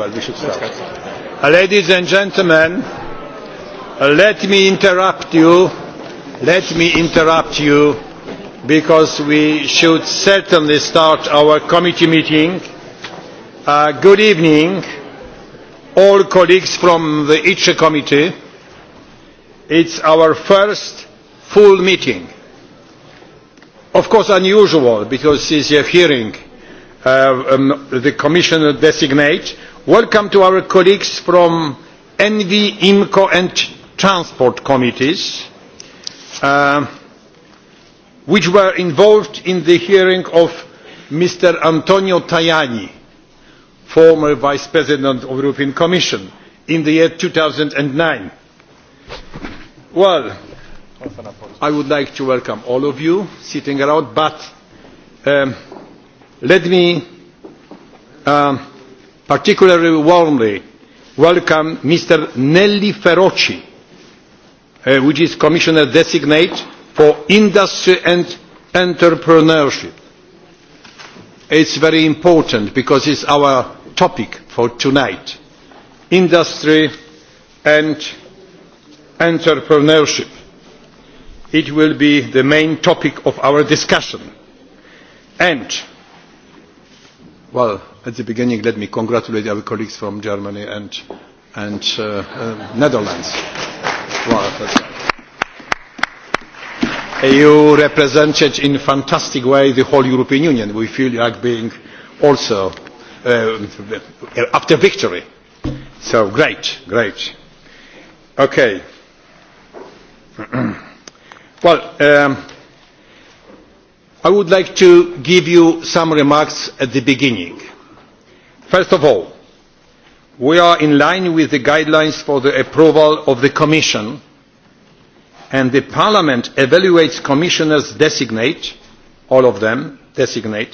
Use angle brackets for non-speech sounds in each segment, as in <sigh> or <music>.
well, we should start. Ladies and gentlemen, let me interrupt you. Let me interrupt you because we should certainly start our committee meeting. Uh, good evening, all colleagues from the ICHE committee. It's our first full meeting. Of course, unusual because this is a hearing. Uh, um, the commissioner designate Welcome to our colleagues from Envi, IMCO and Transport Committees, uh, which were involved in the hearing of Mr. Antonio Tajani, former Vice President of the European Commission, in the year 2009. Well, I would like to welcome all of you sitting around, but um, let me um, particularly warmly welcome mr nelly ferrocci uh, who is commissioner designate for industry and entrepreneurship. it is very important because it is our topic for tonight industry and entrepreneurship. it will be the main topic of our discussion and well at the beginning, let me congratulate our colleagues from Germany and, and uh, uh, Netherlands. You represented in a fantastic way the whole European Union. We feel like being also uh, after victory. So great, great. Okay. <clears throat> well, um, I would like to give you some remarks at the beginning first of all we are in line with the guidelines for the approval of the commission and the parliament evaluates commissioners designate all of them designate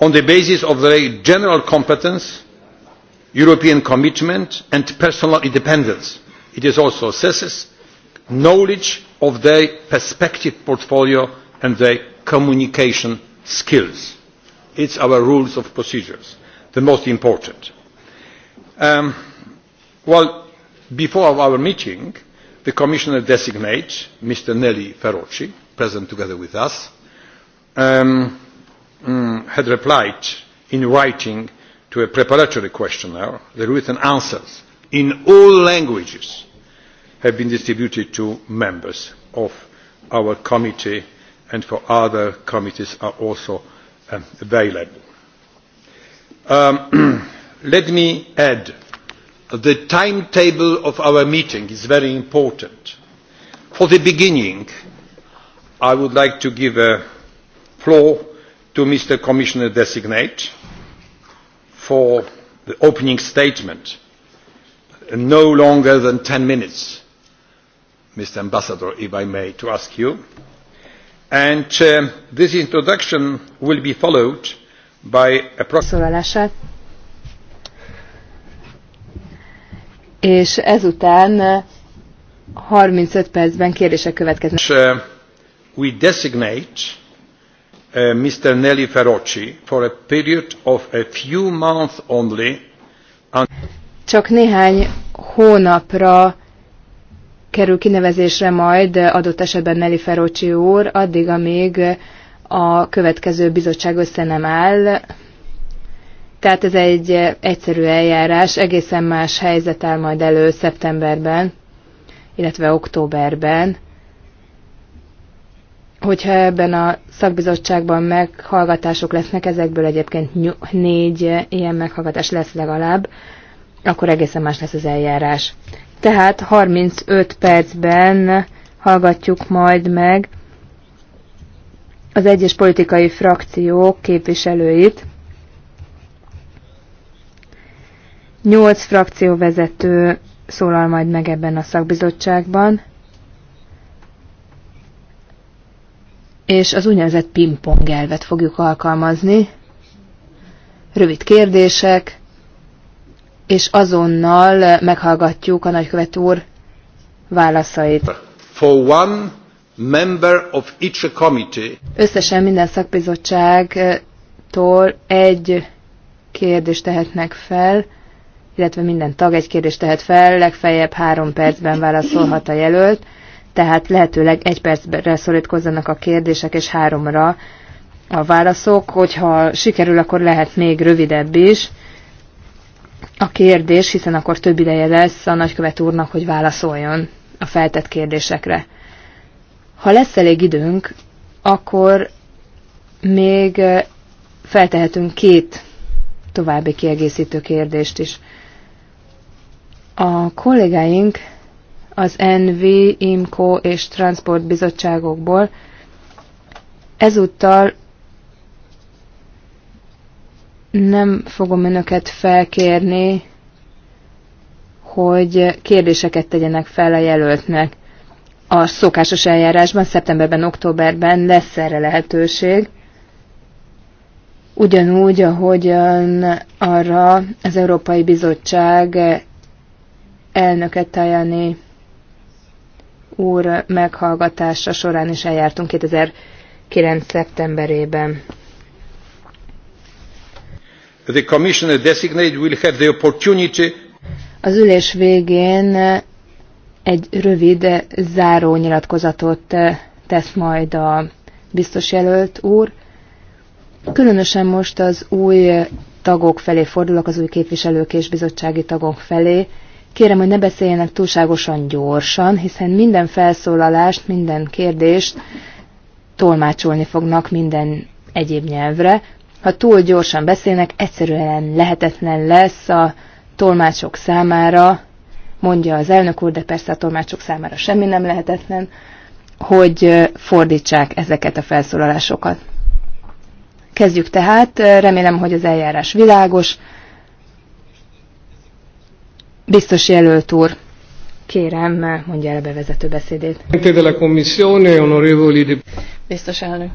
on the basis of their general competence european commitment and personal independence. it is also assesses knowledge of their perspective portfolio and their communication skills. it is our rules of procedures the most important. Um, well, before our meeting, the Commissioner designates Mr. Nelly Ferrocci, present together with us, um, um, had replied in writing to a preparatory questionnaire. The written answers in all languages have been distributed to members of our committee and for other committees are also um, available Um, <clears throat> let me add that the timetable of our meeting is very important. For the beginning, I would like to give the floor to Mr. Commissioner Designate for the opening statement, no longer than ten minutes, Mr. Ambassador, if I may, to ask you. And um, this introduction will be followed by szólalását. És ezután 35 eh, percben kérdések következnek. Uh, we designate uh, eh, Mr. Nelly Ferrocci for a period of a few months only. And... Csak néhány hónapra kerül kinevezésre majd adott esetben Nelly Ferrocci úr, addig, amíg a következő bizottság össze nem áll. Tehát ez egy egyszerű eljárás, egészen más helyzet áll majd elő szeptemberben, illetve októberben. Hogyha ebben a szakbizottságban meghallgatások lesznek, ezekből egyébként négy ilyen meghallgatás lesz legalább, akkor egészen más lesz az eljárás. Tehát 35 percben hallgatjuk majd meg az egyes politikai frakciók képviselőit. Nyolc frakcióvezető szólal majd meg ebben a szakbizottságban, és az úgynevezett pingpong elvet fogjuk alkalmazni. Rövid kérdések, és azonnal meghallgatjuk a nagykövet úr válaszait. For one member of each committee. Összesen minden szakbizottságtól egy kérdést tehetnek fel, illetve minden tag egy kérdést tehet fel, legfeljebb három percben válaszolhat a jelölt, tehát lehetőleg egy percre szorítkozzanak a kérdések, és háromra a válaszok. Hogyha sikerül, akkor lehet még rövidebb is a kérdés, hiszen akkor több ideje lesz a nagykövet úrnak, hogy válaszoljon a feltett kérdésekre. Ha lesz elég időnk, akkor még feltehetünk két további kiegészítő kérdést is. A kollégáink az NV, IMCO és Transport bizottságokból ezúttal nem fogom önöket felkérni, hogy kérdéseket tegyenek fel a jelöltnek a szokásos eljárásban, szeptemberben, októberben lesz erre lehetőség. Ugyanúgy, ahogyan arra az Európai Bizottság elnöke Tajani úr meghallgatása során is eljártunk 2009. szeptemberében. The commissioner designate will have the opportunity az ülés végén egy rövid záró nyilatkozatot eh, tesz majd a biztos jelölt úr. Különösen most az új tagok felé fordulok, az új képviselők és bizottsági tagok felé. Kérem, hogy ne beszéljenek túlságosan gyorsan, hiszen minden felszólalást, minden kérdést tolmácsolni fognak minden egyéb nyelvre. Ha túl gyorsan beszélnek, egyszerűen lehetetlen lesz a tolmácsok számára mondja az elnök úr, de persze a tolmácsok számára semmi nem lehetetlen, hogy fordítsák ezeket a felszólalásokat. Kezdjük tehát, remélem, hogy az eljárás világos. Biztos jelölt úr, Kérem, mondja el a bevezető beszédét. Biztos elnök,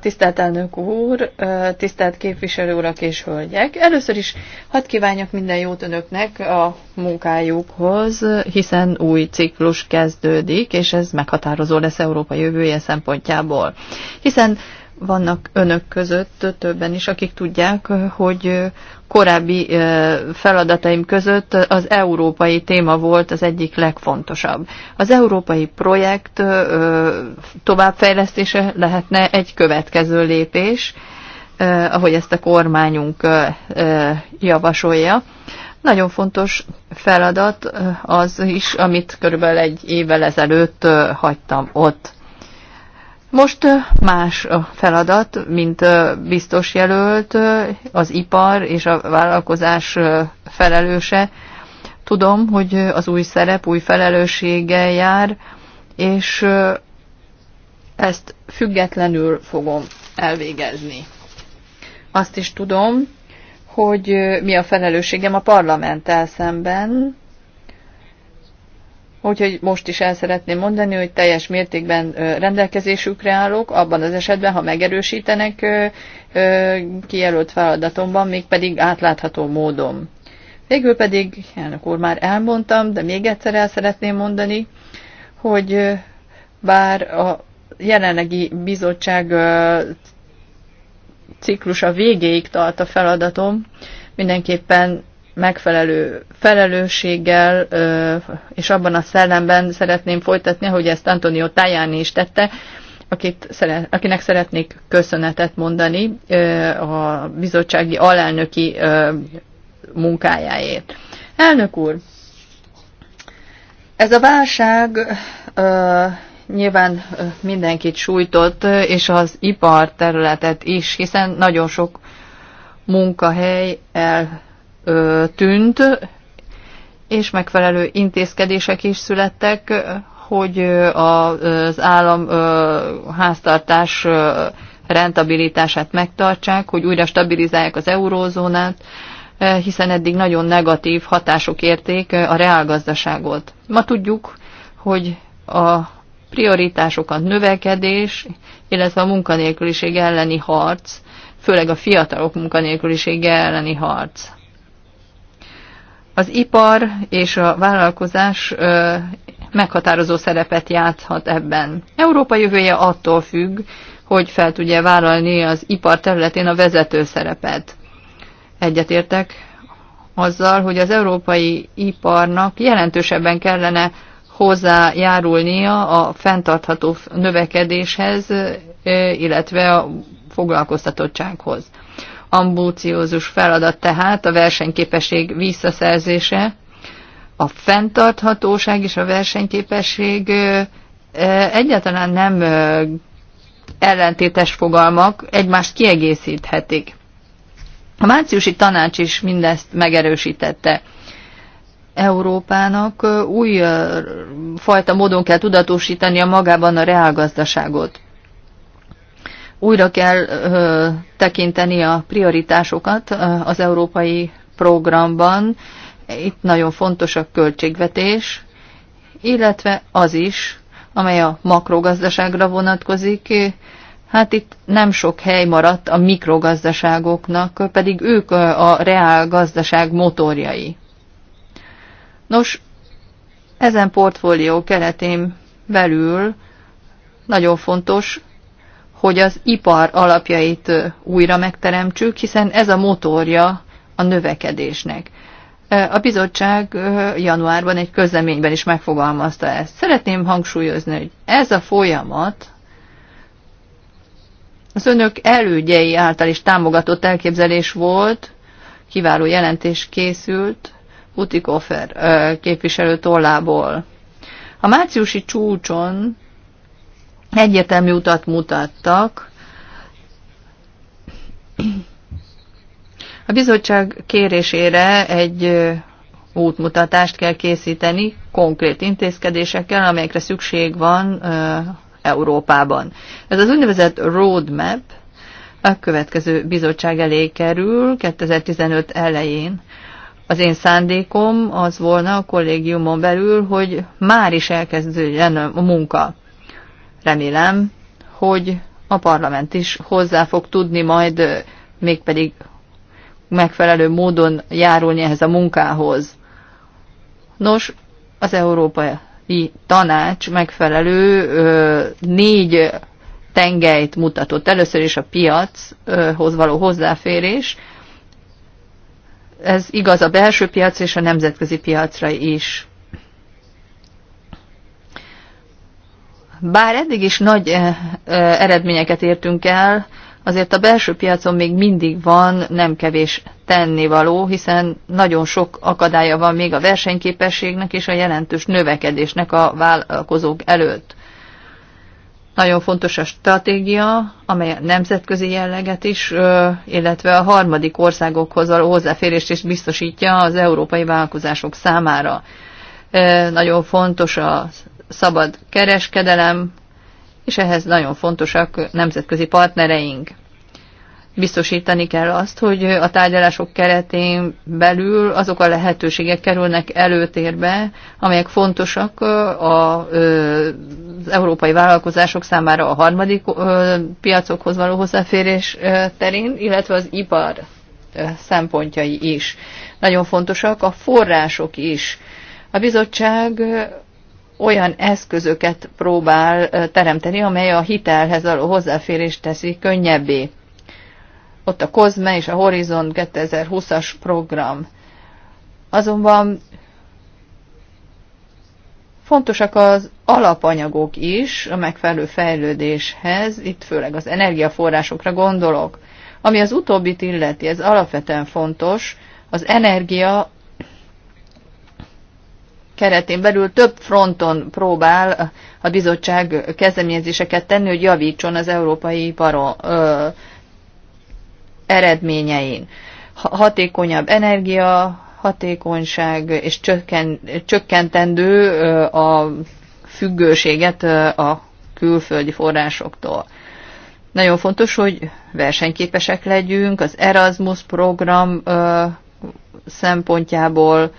tisztelt elnök úr, tisztelt képviselő urak és hölgyek. Először is hadd kívánjak minden jót önöknek a munkájukhoz, hiszen új ciklus kezdődik, és ez meghatározó lesz Európa jövője szempontjából. Hiszen vannak önök között többen is, akik tudják, hogy korábbi feladataim között az európai téma volt az egyik legfontosabb. Az európai projekt továbbfejlesztése lehetne egy következő lépés, ahogy ezt a kormányunk javasolja. Nagyon fontos feladat az is, amit körülbelül egy évvel ezelőtt hagytam ott. Most más a feladat, mint biztos jelölt, az ipar és a vállalkozás felelőse. Tudom, hogy az új szerep, új felelősséggel jár, és ezt függetlenül fogom elvégezni. Azt is tudom, hogy mi a felelősségem a parlamenttel szemben, Úgyhogy most is el szeretném mondani, hogy teljes mértékben rendelkezésükre állok, abban az esetben, ha megerősítenek kijelölt feladatomban, mégpedig átlátható módon. Végül pedig, elnök úr, már elmondtam, de még egyszer el szeretném mondani, hogy bár a jelenlegi bizottság ciklusa végéig tart a feladatom, mindenképpen megfelelő felelősséggel és abban a szellemben szeretném folytatni, hogy ezt Antonio Tajani is tette, akit szeret, akinek szeretnék köszönetet mondani a bizottsági alelnöki munkájáért. Elnök úr, ez a válság nyilván mindenkit sújtott, és az ipar területet is, hiszen nagyon sok munkahely el tűnt, és megfelelő intézkedések is születtek, hogy az állam háztartás rentabilitását megtartsák, hogy újra stabilizálják az eurózónát, hiszen eddig nagyon negatív hatások érték a reálgazdaságot. Ma tudjuk, hogy a prioritások a növekedés, illetve a munkanélküliség elleni harc, főleg a fiatalok munkanélkülisége elleni harc. Az ipar és a vállalkozás meghatározó szerepet játszhat ebben. Európa jövője attól függ, hogy fel tudja vállalni az ipar területén a vezető szerepet. Egyetértek azzal, hogy az európai iparnak jelentősebben kellene hozzájárulnia a fenntartható növekedéshez, illetve a foglalkoztatottsághoz ambúciózus feladat tehát a versenyképesség visszaszerzése, a fenntarthatóság és a versenyképesség egyáltalán nem ellentétes fogalmak, egymást kiegészíthetik. A márciusi tanács is mindezt megerősítette. Európának új fajta módon kell tudatosítani a magában a reálgazdaságot újra kell ö, tekinteni a prioritásokat az európai programban. Itt nagyon fontos a költségvetés, illetve az is, amely a makrogazdaságra vonatkozik. Hát itt nem sok hely maradt a mikrogazdaságoknak, pedig ők a reál gazdaság motorjai. Nos, ezen portfólió keretén belül nagyon fontos hogy az ipar alapjait újra megteremtsük, hiszen ez a motorja a növekedésnek. A bizottság januárban egy közleményben is megfogalmazta ezt. Szeretném hangsúlyozni, hogy ez a folyamat az önök elődjei által is támogatott elképzelés volt, kiváló jelentés készült Butikofer képviselő tollából. A márciusi csúcson egyértelmű utat mutattak. A bizottság kérésére egy útmutatást kell készíteni konkrét intézkedésekkel, amelyekre szükség van Európában. Ez az úgynevezett roadmap a következő bizottság elé kerül 2015 elején. Az én szándékom az volna a kollégiumon belül, hogy már is elkezdődjen a munka. Remélem, hogy a parlament is hozzá fog tudni majd mégpedig megfelelő módon járulni ehhez a munkához. Nos, az Európai Tanács megfelelő ö, négy tengelyt mutatott. Először is a piachoz való hozzáférés. Ez igaz a belső piac és a nemzetközi piacra is. Bár eddig is nagy eh, eh, eredményeket értünk el, azért a belső piacon még mindig van nem kevés tennivaló, hiszen nagyon sok akadálya van még a versenyképességnek és a jelentős növekedésnek a vállalkozók előtt. Nagyon fontos a stratégia, amely a nemzetközi jelleget is, illetve a harmadik országokhoz való hozzáférést is biztosítja az európai vállalkozások számára. Nagyon fontos az szabad kereskedelem, és ehhez nagyon fontosak nemzetközi partnereink. Biztosítani kell azt, hogy a tárgyalások keretén belül azok a lehetőségek kerülnek előtérbe, amelyek fontosak az európai vállalkozások számára a harmadik piacokhoz való hozzáférés terén, illetve az ipar szempontjai is. Nagyon fontosak a források is. A bizottság olyan eszközöket próbál teremteni, amely a hitelhez való hozzáférést teszi könnyebbé. Ott a COSME és a Horizon 2020-as program. Azonban fontosak az alapanyagok is a megfelelő fejlődéshez, itt főleg az energiaforrásokra gondolok. Ami az utóbbit illeti, ez alapvetően fontos, az energia keretén belül több fronton próbál a bizottság kezdeményezéseket tenni, hogy javítson az európai ipar eredményein. Hatékonyabb energia, hatékonyság és csökken, csökkentendő a függőséget a külföldi forrásoktól. Nagyon fontos, hogy versenyképesek legyünk, az Erasmus program szempontjából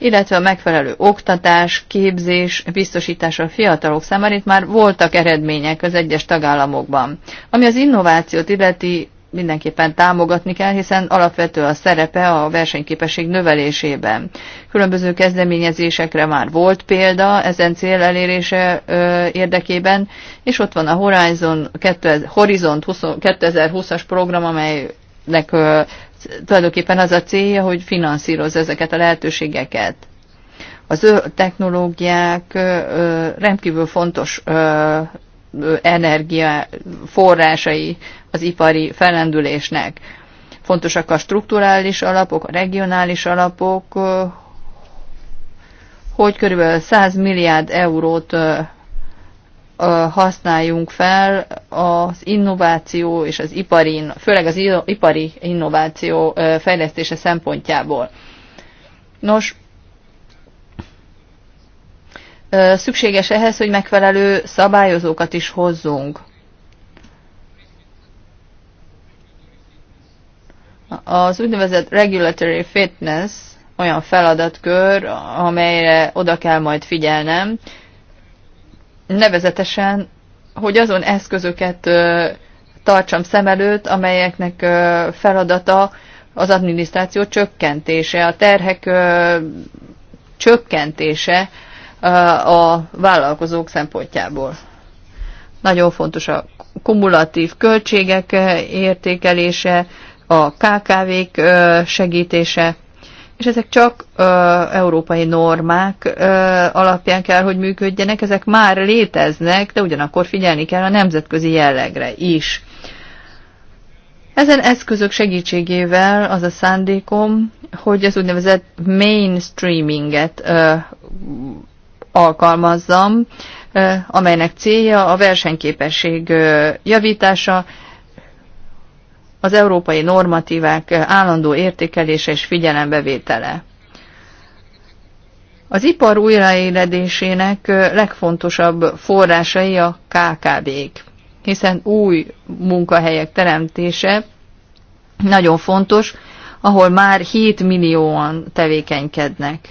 illetve a megfelelő oktatás, képzés, biztosítása a fiatalok számára. Itt már voltak eredmények az egyes tagállamokban. Ami az innovációt illeti, mindenképpen támogatni kell, hiszen alapvető a szerepe a versenyképesség növelésében. Különböző kezdeményezésekre már volt példa ezen cél elérése ö, érdekében, és ott van a Horizon Horizont 2020-as program, amelynek ö, tulajdonképpen az a célja, hogy finanszírozza ezeket a lehetőségeket. Az ő technológiák rendkívül fontos energia forrásai az ipari felendülésnek. Fontosak a strukturális alapok, a regionális alapok, hogy körülbelül 100 milliárd eurót használjunk fel az innováció és az ipari, főleg az ipari innováció fejlesztése szempontjából. Nos, szükséges ehhez, hogy megfelelő szabályozókat is hozzunk. Az úgynevezett regulatory fitness olyan feladatkör, amelyre oda kell majd figyelnem, nevezetesen, hogy azon eszközöket tartsam szem előtt, amelyeknek feladata az adminisztráció csökkentése, a terhek csökkentése a vállalkozók szempontjából. Nagyon fontos a kumulatív költségek értékelése, a KKV-k segítése, és ezek csak ö, európai normák ö, alapján kell, hogy működjenek, ezek már léteznek, de ugyanakkor figyelni kell a nemzetközi jellegre is. Ezen eszközök segítségével az a szándékom, hogy az úgynevezett mainstreaminget ö, alkalmazzam, ö, amelynek célja a versenyképesség ö, javítása, az európai normatívák állandó értékelése és figyelembevétele. Az ipar újraéledésének legfontosabb forrásai a KKB, k hiszen új munkahelyek teremtése nagyon fontos, ahol már 7 millióan tevékenykednek.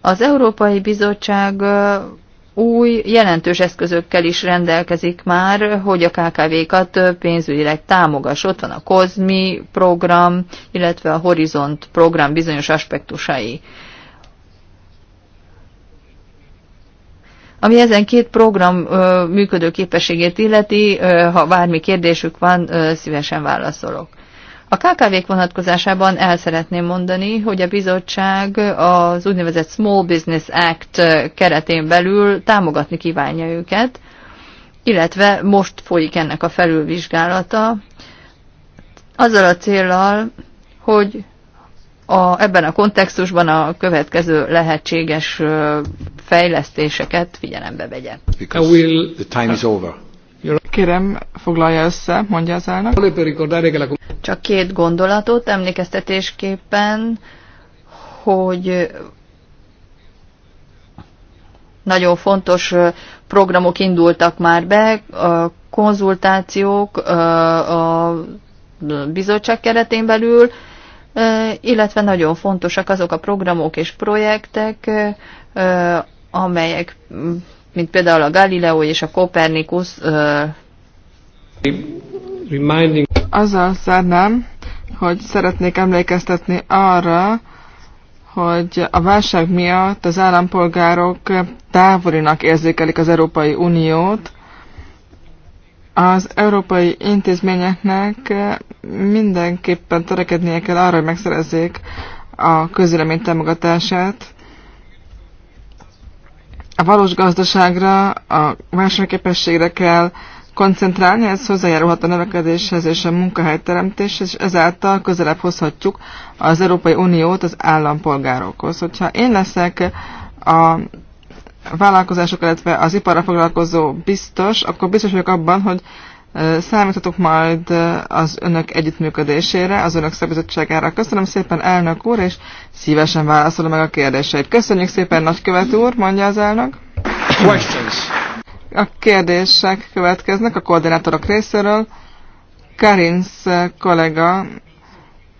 Az Európai Bizottság új, jelentős eszközökkel is rendelkezik már, hogy a KKV-kat pénzügyileg támogass. Ott van a COSMI program, illetve a Horizont program bizonyos aspektusai. Ami ezen két program ö, működő képességét illeti, ö, ha bármi kérdésük van, ö, szívesen válaszolok. A KKV-k vonatkozásában el szeretném mondani, hogy a bizottság az úgynevezett Small Business Act keretén belül támogatni kívánja őket, illetve most folyik ennek a felülvizsgálata, azzal a célral, hogy a, ebben a kontextusban a következő lehetséges fejlesztéseket figyelembe vegye. Because the time is over. Kérem, foglalja össze, mondja az állnak. Csak két gondolatot emlékeztetésképpen, hogy nagyon fontos programok indultak már be, a konzultációk a bizottság keretén belül, illetve nagyon fontosak azok a programok és projektek, amelyek mint például a Galileo és a Kopernikus. Reminding. Azzal szárnám, hogy szeretnék emlékeztetni arra, hogy a válság miatt az állampolgárok távolinak érzékelik az Európai Uniót. Az európai intézményeknek mindenképpen törekednie kell arra, hogy megszerezzék a közélemény támogatását, a valós gazdaságra, a versenyképességre kell koncentrálni, ez hozzájárulhat a növekedéshez és a munkahelyteremtéshez, és ezáltal közelebb hozhatjuk az Európai Uniót az állampolgárokhoz. Hogyha én leszek a vállalkozások, illetve az iparra foglalkozó biztos, akkor biztos vagyok abban, hogy Számíthatok majd az önök együttműködésére, az önök szabizottságára. Köszönöm szépen, elnök úr, és szívesen válaszolom meg a kérdéseit. Köszönjük szépen, nagykövet úr, mondja az elnök. Questions. A kérdések következnek a koordinátorok részéről. Karinz kollega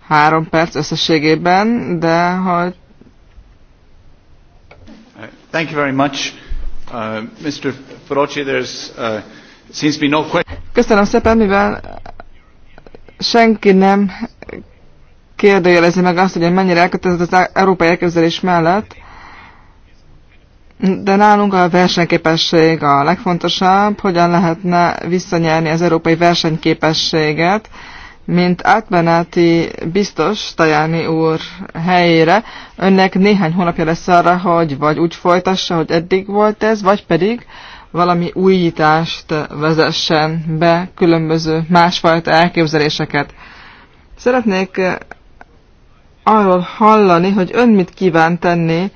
három perc összességében, de ha... Thank you very much. Uh, Mr. Ferocci, there's uh, Köszönöm szépen, mivel senki nem kérdőjelezi meg azt, hogy mennyire elkötelezett az európai elképzelés mellett, de nálunk a versenyképesség a legfontosabb, hogyan lehetne visszanyerni az európai versenyképességet, mint átmeneti biztos Tajáni úr helyére. Önnek néhány hónapja lesz arra, hogy vagy úgy folytassa, hogy eddig volt ez, vagy pedig valami újítást vezessen be, különböző másfajta elképzeléseket. Szeretnék eh, arról hallani, hogy ön mit kíván tenni,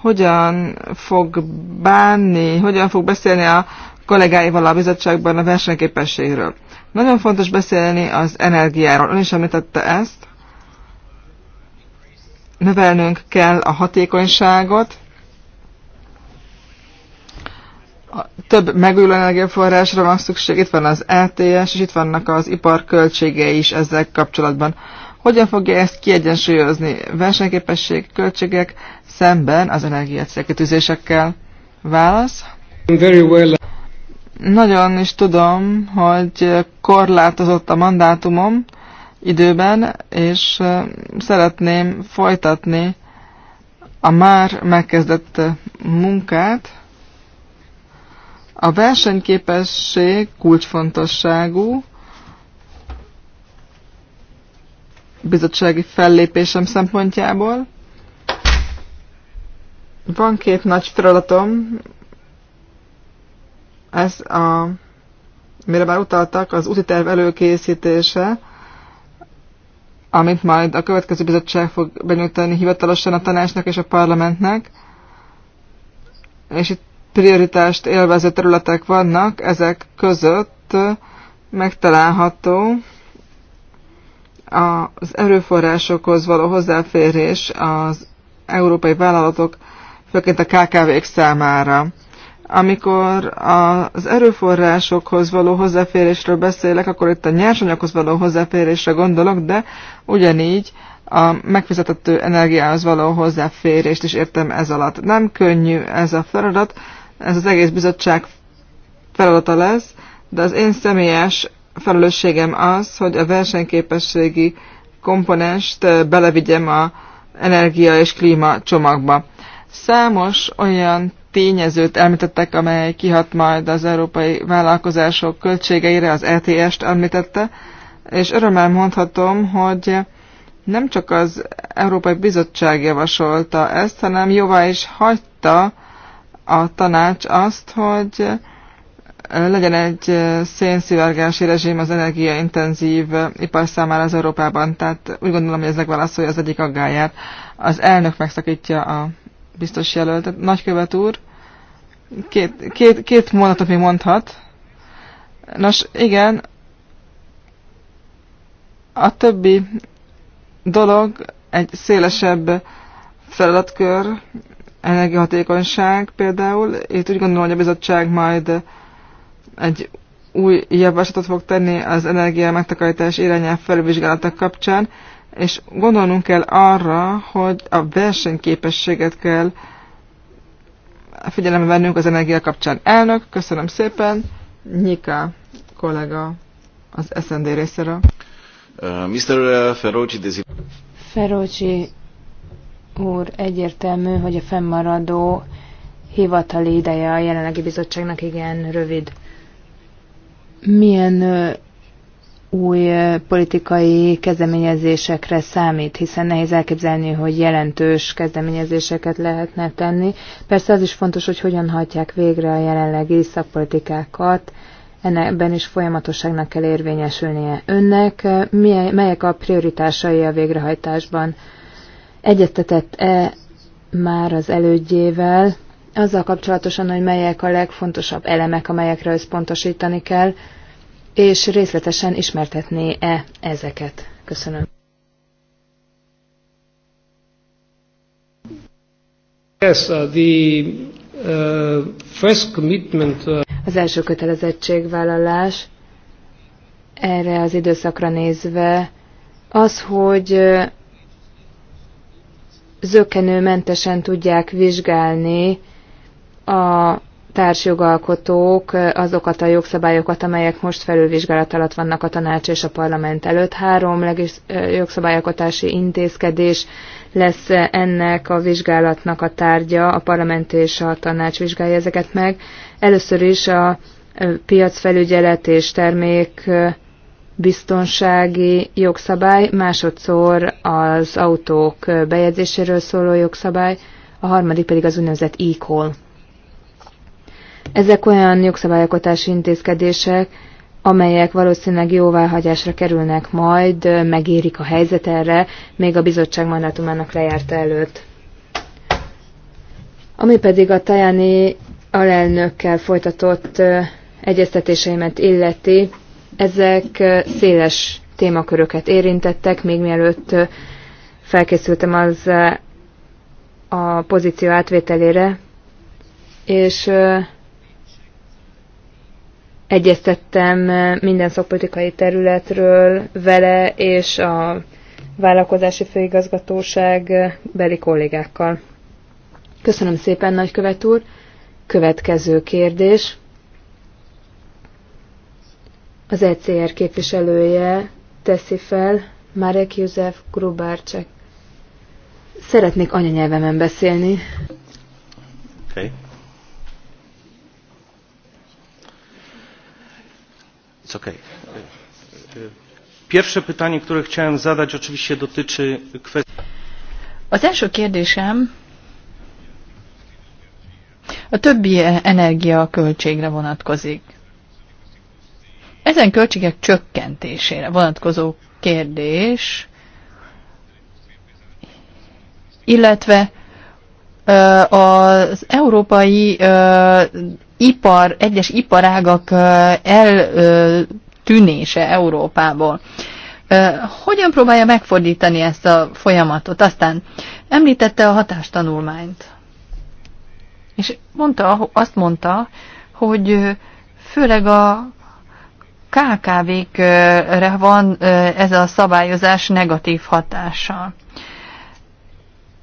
hogyan fog bánni, hogyan fog beszélni a kollégáival a bizottságban a versenyképességről. Nagyon fontos beszélni az energiáról. Ön is említette ezt. Növelnünk kell a hatékonyságot, a több megújuló energiaforrásra van szükség, itt van az ETS, és itt vannak az ipar költségei is ezzel kapcsolatban. Hogyan fogja ezt kiegyensúlyozni versenyképesség, költségek szemben az energiacélkitűzésekkel? Válasz? Very well. Nagyon is tudom, hogy korlátozott a mandátumom időben, és szeretném folytatni a már megkezdett munkát, a versenyképesség kulcsfontosságú, bizottsági fellépésem szempontjából. Van két nagy feladatom, ez a, mire már utaltak, az úti terv előkészítése, amit majd a következő bizottság fog benyújtani hivatalosan a tanácsnak és a parlamentnek. És itt prioritást élvező területek vannak, ezek között megtalálható az erőforrásokhoz való hozzáférés az európai vállalatok, főként a KKV-k számára. Amikor az erőforrásokhoz való hozzáférésről beszélek, akkor itt a nyersanyaghoz való hozzáférésre gondolok, de ugyanígy a megfizetető energiához való hozzáférést is értem ez alatt. Nem könnyű ez a feladat, ez az egész bizottság feladata lesz, de az én személyes felelősségem az, hogy a versenyképességi komponenst belevigyem a energia és klíma csomagba. Számos olyan tényezőt említettek, amely kihat majd az európai vállalkozások költségeire, az ETS-t említette, és örömmel mondhatom, hogy nem csak az Európai Bizottság javasolta ezt, hanem jóvá is hagyta a tanács azt, hogy legyen egy szénszivárgási rezsim az energiaintenzív ipar számára az Európában. Tehát úgy gondolom, hogy ez megválaszolja az egyik aggáját. Az elnök megszakítja a biztos jelöltet. Nagykövet úr, két, két, két mondatot még mondhat. Nos, igen, a többi dolog egy szélesebb feladatkör, energiahatékonyság például. Én úgy gondolom, hogy a bizottság majd egy új javaslatot fog tenni az energia megtakarítás irányelv felvizsgálatok kapcsán, és gondolnunk kell arra, hogy a versenyképességet kell figyelembe vennünk az energia kapcsán. Elnök, köszönöm szépen, Nyika kollega az SND részéről. Uh, Mr. Uh, Desi. Ferrocsi úr, egyértelmű, hogy a fennmaradó hivatali ideje a jelenlegi bizottságnak igen rövid. Milyen új politikai kezdeményezésekre számít, hiszen nehéz elképzelni, hogy jelentős kezdeményezéseket lehetne tenni. Persze az is fontos, hogy hogyan hajtják végre a jelenlegi szakpolitikákat, ennek is folyamatosságnak kell érvényesülnie. Önnek milyen, melyek a prioritásai a végrehajtásban? egyeztetett-e már az elődjével azzal kapcsolatosan, hogy melyek a legfontosabb elemek, amelyekre összpontosítani kell, és részletesen ismertetné-e ezeket? Köszönöm. Yes, uh, the uh, first commitment. Uh... Az első kötelezettségvállalás erre az időszakra nézve az, hogy uh, zökenőmentesen tudják vizsgálni a társjogalkotók azokat a jogszabályokat, amelyek most felülvizsgálat alatt vannak a tanács és a parlament előtt. Három legis, jogszabályalkotási intézkedés lesz ennek a vizsgálatnak a tárgya, a parlament és a tanács vizsgálja ezeket meg. Először is a piacfelügyelet és termék biztonsági jogszabály, másodszor az autók bejegyzéséről szóló jogszabály, a harmadik pedig az úgynevezett e-call. Ezek olyan jogszabályokatási intézkedések, amelyek valószínűleg jóváhagyásra kerülnek majd, megérik a helyzet erre, még a bizottság mandátumának lejárta előtt. Ami pedig a Tajani alelnökkel folytatott egyeztetéseimet illeti, ezek széles témaköröket érintettek, még mielőtt felkészültem az a pozíció átvételére, és egyeztettem minden szakpolitikai területről vele és a vállalkozási főigazgatóság beli kollégákkal. Köszönöm szépen, nagykövet úr. Következő kérdés. Az ECR képviselője teszi fel Marek József Grubárcsek. Szeretnék anyanyelvemen beszélni. Okay. It's okay. Pierwsze pytanie, które chciałem zadać, oczywiście dotyczy kwestii. Az első kérdésem a többi energia költségre vonatkozik. Ezen költségek csökkentésére vonatkozó kérdés, illetve az európai ipar, egyes iparágak eltűnése Európából. Hogyan próbálja megfordítani ezt a folyamatot? Aztán említette a hatástanulmányt. És mondta, azt mondta, hogy főleg a KKV-kre van ez a szabályozás negatív hatása.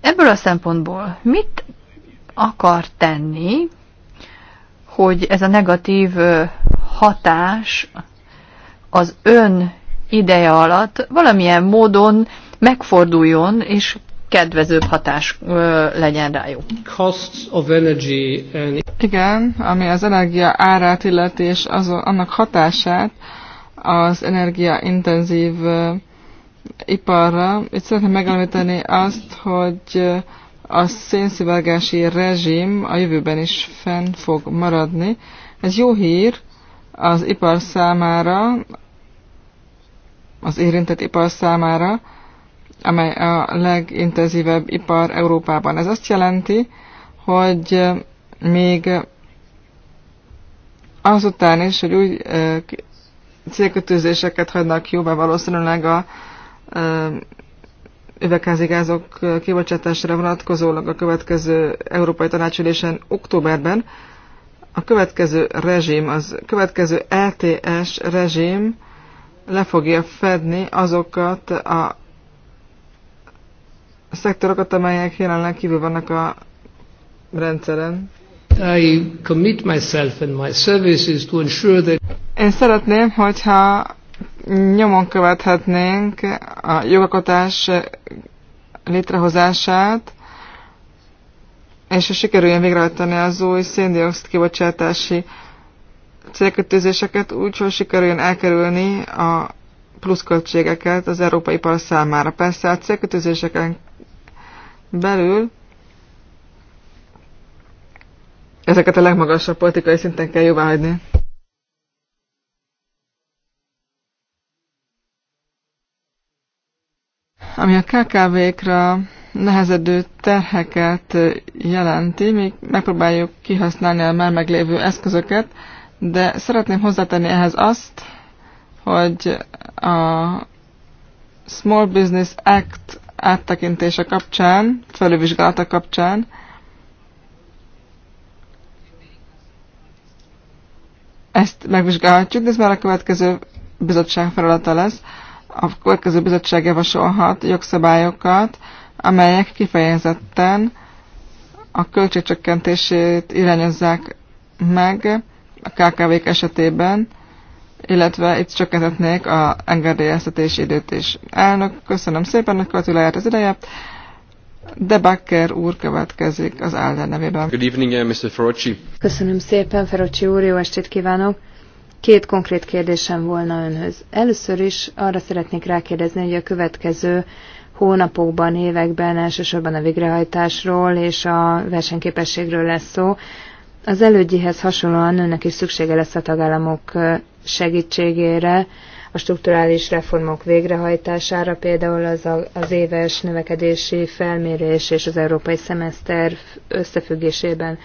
Ebből a szempontból mit akar tenni, hogy ez a negatív hatás az ön ideje alatt valamilyen módon megforduljon és kedvezőbb hatás ö, legyen rájuk. Costs of energy and... Igen, ami az energia árát illeti, és az, annak hatását az energiaintenzív iparra. Itt szeretném megemlíteni azt, hogy a szénszivágási rezsim a jövőben is fenn fog maradni. Ez jó hír az ipar számára, az érintett ipar számára, amely a legintenzívebb ipar Európában. Ez azt jelenti, hogy még azután is, hogy új célkötőzéseket hagynak jóvá valószínűleg a üvegházigázok kibocsátására vonatkozólag a következő Európai Tanácsülésen októberben, a következő rezsim, az következő LTS e rezsim le fogja fedni azokat a a szektorokat, amelyek jelenleg kívül vannak a rendszeren. I commit myself and my services to ensure that... Én szeretném, hogyha nyomon követhetnénk a jogakotás létrehozását, és hogy sikerüljön végrehajtani az új széndiokszid kibocsátási célkötőzéseket úgy, hogy sikerüljön elkerülni a pluszköltségeket az európai ipar számára. Persze a célkötőzéseken belül ezeket a legmagasabb politikai szinten kell hagyni. Ami a KKV-kra nehezedő terheket jelenti, még megpróbáljuk kihasználni a már meglévő eszközöket, de szeretném hozzátenni ehhez azt, hogy a Small Business Act áttekintése kapcsán, felülvizsgálata kapcsán. Ezt megvizsgálhatjuk, de ez már a következő bizottság feladata lesz. A következő bizottság javasolhat jogszabályokat, amelyek kifejezetten a költségcsökkentését irányozzák meg a KKV-k esetében, illetve itt csökkenthetnék a engedélyeztetési időt is. Elnök, köszönöm szépen, akkor lejárt az ideje. De Bakker úr következik az Alder nevében. Good evening, uh, Mr. Ferocci. Köszönöm szépen, Ferocci úr, jó estét kívánok! Két konkrét kérdésem volna önhöz. Először is arra szeretnék rákérdezni, hogy a következő hónapokban, években elsősorban a végrehajtásról és a versenyképességről lesz szó. Az elődjéhez hasonlóan önnek is szüksége lesz a tagállamok segítségére, a strukturális reformok végrehajtására, például az, a, az éves növekedési felmérés és az európai szemeszter összefüggésében.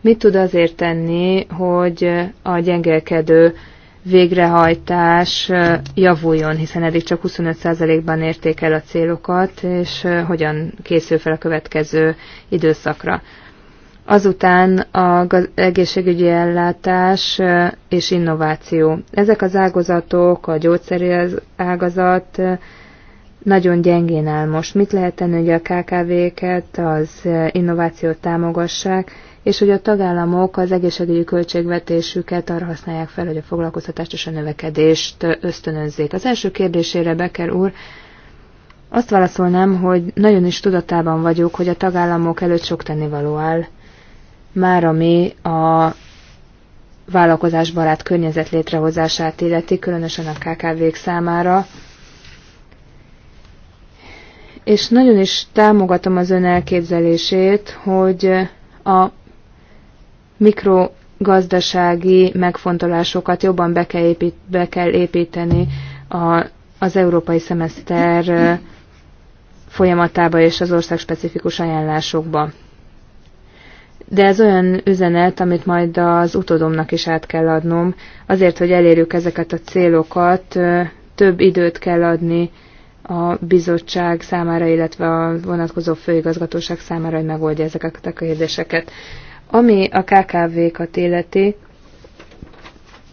Mit tud azért tenni, hogy a gyengelkedő végrehajtás javuljon, hiszen eddig csak 25%-ban érték el a célokat, és hogyan készül fel a következő időszakra azután az egészségügyi ellátás és innováció. Ezek az ágazatok, a gyógyszerű ágazat nagyon gyengén áll most. Mit lehet tenni, hogy a KKV-ket az innovációt támogassák, és hogy a tagállamok az egészségügyi költségvetésüket arra használják fel, hogy a foglalkoztatást és a növekedést ösztönözzék. Az első kérdésére Becker úr, azt válaszolnám, hogy nagyon is tudatában vagyok, hogy a tagállamok előtt sok tennivaló áll már ami a vállalkozásbarát környezet létrehozását illeti, különösen a KKV-k számára. És nagyon is támogatom az ön elképzelését, hogy a mikrogazdasági megfontolásokat jobban be kell, épít, be kell építeni a, az európai szemeszter folyamatába és az ország specifikus ajánlásokba de ez olyan üzenet, amit majd az utódomnak is át kell adnom. Azért, hogy elérjük ezeket a célokat, több időt kell adni a bizottság számára, illetve a vonatkozó főigazgatóság számára, hogy megoldja ezeket a kérdéseket. Ami a KKV-kat életi,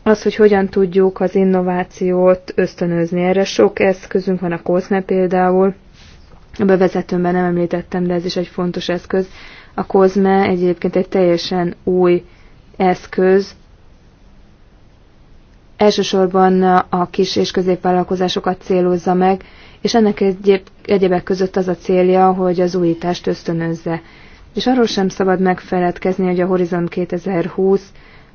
az, hogy hogyan tudjuk az innovációt ösztönözni. Erre sok eszközünk van a COSME például, a bevezetőmben nem említettem, de ez is egy fontos eszköz, a COSME egyébként egy teljesen új eszköz, elsősorban a kis és középvállalkozásokat célozza meg, és ennek egyéb, egyebek között az a célja, hogy az újítást ösztönözze. És arról sem szabad megfeledkezni, hogy a Horizon 2020,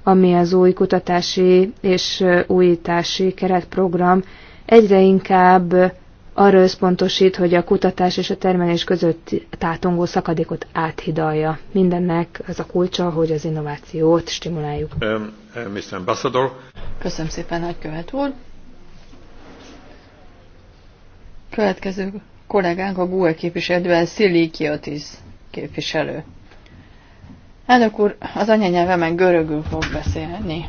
ami az új kutatási és újítási keretprogram, egyre inkább arra összpontosít, hogy a kutatás és a termelés között tátongó szakadékot áthidalja. Mindennek az a kulcsa, hogy az innovációt stimuláljuk. Um, Mr. Ambassador. Köszönöm szépen, követ úr. Következő kollégánk a GUE képviselővel Szili Kiotis képviselő. Elnök úr, az anyanyelvemen görögül fog beszélni.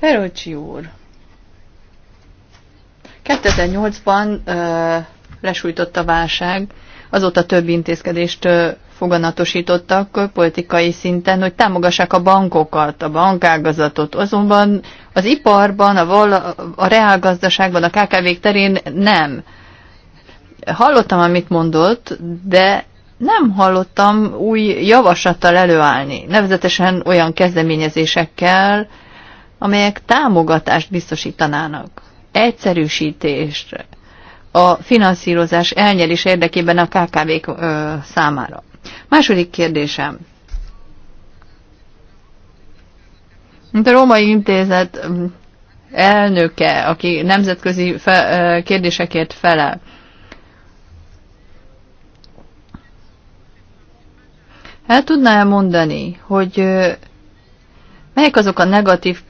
Ferocsi úr, 2008-ban lesújtott a válság, azóta több intézkedést foganatosítottak politikai szinten, hogy támogassák a bankokat, a bankágazatot. Azonban az iparban, a, vala, a reálgazdaságban, a KKV-k terén nem. Hallottam, amit mondott, de nem hallottam új javaslattal előállni, nevezetesen olyan kezdeményezésekkel, amelyek támogatást biztosítanának egyszerűsítést a finanszírozás elnyerés érdekében a kkv számára. Második kérdésem. Mint a Római Intézet elnöke, aki nemzetközi fe, kérdésekért felel, el tudná -e mondani, hogy melyek azok a negatív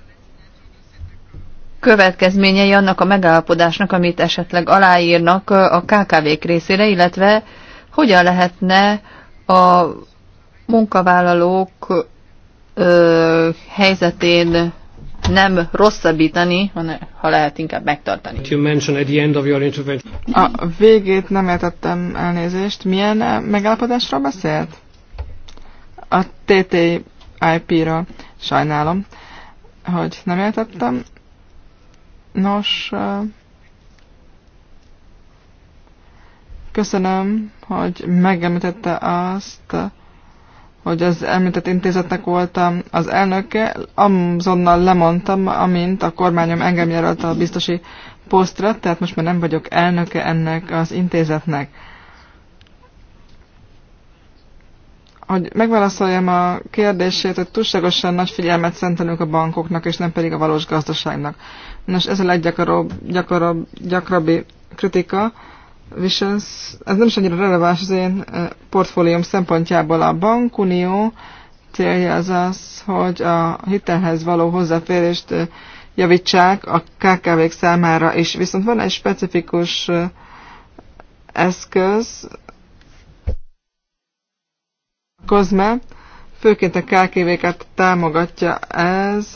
következményei annak a megállapodásnak, amit esetleg aláírnak a KKV-k részére, illetve hogyan lehetne a munkavállalók ö, helyzetén nem rosszabbítani, hanem ha lehet inkább megtartani. A végét nem értettem elnézést. Milyen megállapodásról beszélt? A ttip ra Sajnálom, hogy nem értettem. Nos, köszönöm, hogy megemlítette azt, hogy az említett intézetnek voltam az elnöke, azonnal lemondtam, amint a kormányom engem jelölt a biztosi posztra, tehát most már nem vagyok elnöke ennek az intézetnek. hogy megválaszoljam a kérdését, hogy túlságosan nagy figyelmet szentelünk a bankoknak, és nem pedig a valós gazdaságnak. Nos, ez a leggyakorabb, gyakorabb, gyakrabbi kritika, viszont ez nem is annyira releváns az én portfólióm szempontjából. A bankunió célja az az, hogy a hitelhez való hozzáférést javítsák a KKV-k számára is. Viszont van egy specifikus eszköz, Kozme, főként a KKV-ket támogatja ez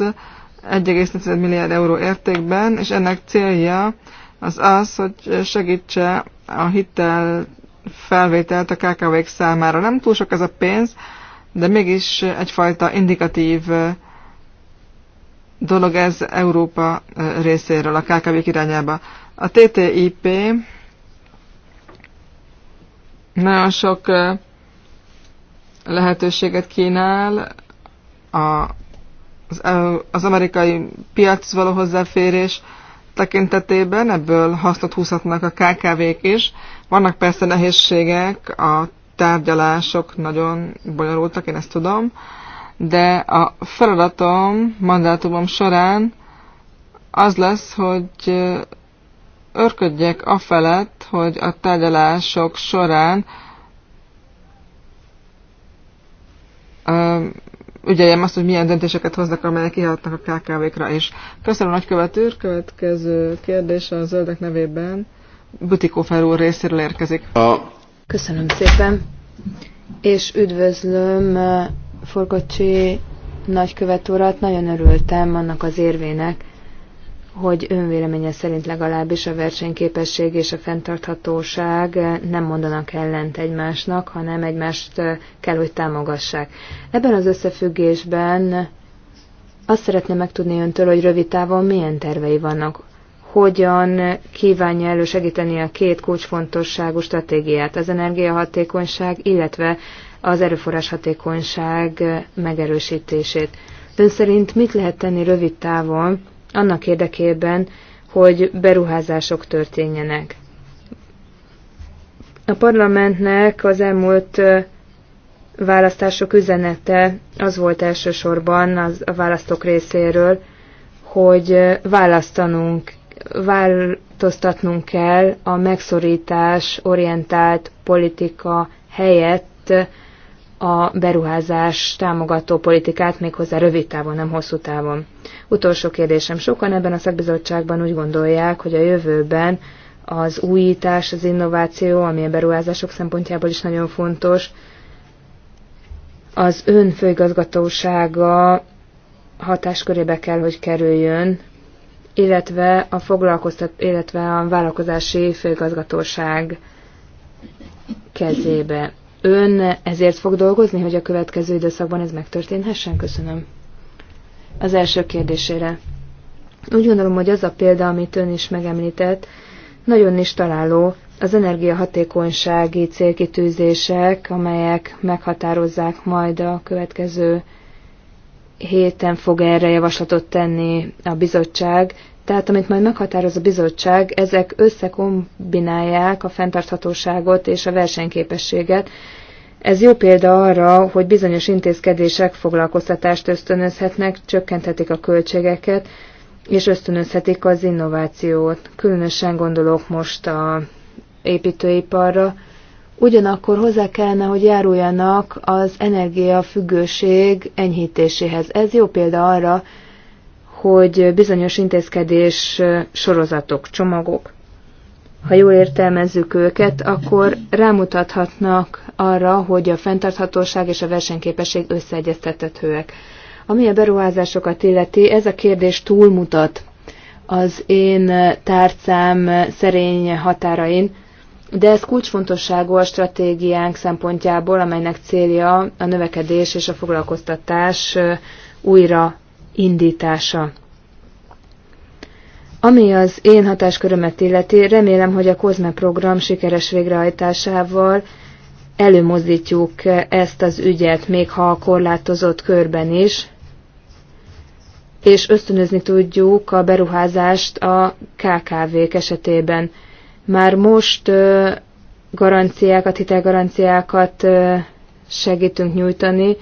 1,4 milliárd euró értékben, és ennek célja az az, hogy segítse a hitel felvételt a KKV-k számára. Nem túl sok ez a pénz, de mégis egyfajta indikatív dolog ez Európa részéről, a kkv irányába. A TTIP nagyon sok lehetőséget kínál, a, az, e, az amerikai piac való hozzáférés tekintetében, ebből hasznot húzhatnak a KKV-k is. Vannak persze nehézségek, a tárgyalások nagyon bonyolultak, én ezt tudom, de a feladatom, mandátumom során az lesz, hogy örködjek felett, hogy a tárgyalások során ügyeljem azt, hogy milyen döntéseket hoznak, amelyek kihatnak a KKV-kra is. Köszönöm, nagykövet Következő kérdés a zöldek nevében. Butikó felúr részéről érkezik. A... Köszönöm szépen, és üdvözlöm Forgocsi nagykövet urat. Nagyon örültem annak az érvének, hogy önvéleménye szerint legalábbis a versenyképesség és a fenntarthatóság nem mondanak ellent egymásnak, hanem egymást kell, hogy támogassák. Ebben az összefüggésben azt szeretné megtudni öntől, hogy rövid távon milyen tervei vannak. Hogyan kívánja elősegíteni a két kulcsfontosságú stratégiát, az energiahatékonyság, illetve az erőforrás hatékonyság megerősítését. Ön szerint mit lehet tenni rövid távon, annak érdekében, hogy beruházások történjenek. A parlamentnek az elmúlt választások üzenete az volt elsősorban az, a választók részéről, hogy választanunk, változtatnunk kell a megszorítás orientált politika helyett a beruházás támogató politikát méghozzá rövid távon, nem hosszú távon. Utolsó kérdésem. Sokan ebben a szakbizottságban úgy gondolják, hogy a jövőben az újítás, az innováció, ami a beruházások szempontjából is nagyon fontos, az ön főigazgatósága hatáskörébe kell, hogy kerüljön, illetve a foglalkoztat, illetve a vállalkozási főigazgatóság kezébe. Ön ezért fog dolgozni, hogy a következő időszakban ez megtörténhessen? Köszönöm. Az első kérdésére. Úgy gondolom, hogy az a példa, amit ön is megemlített, nagyon is találó az energiahatékonysági célkitűzések, amelyek meghatározzák majd a következő héten fog erre javaslatot tenni a bizottság, tehát amit majd meghatároz a bizottság, ezek összekombinálják a fenntarthatóságot és a versenyképességet. Ez jó példa arra, hogy bizonyos intézkedések foglalkoztatást ösztönözhetnek, csökkenthetik a költségeket, és ösztönözhetik az innovációt. Különösen gondolok most a építőiparra. Ugyanakkor hozzá kellene, hogy járuljanak az energiafüggőség enyhítéséhez. Ez jó példa arra, hogy bizonyos intézkedés sorozatok, csomagok, ha jól értelmezzük őket, akkor rámutathatnak arra, hogy a fenntarthatóság és a versenyképesség összeegyeztethetőek. Ami a beruházásokat illeti, ez a kérdés túlmutat az én tárcám szerény határain, de ez kulcsfontosságú a stratégiánk szempontjából, amelynek célja a növekedés és a foglalkoztatás újra indítása. Ami az én hatáskörömet illeti, remélem, hogy a COSME program sikeres végrehajtásával előmozdítjuk ezt az ügyet, még ha a korlátozott körben is, és ösztönözni tudjuk a beruházást a KKV-k esetében. Már most garanciákat, hitelgaranciákat segítünk nyújtani,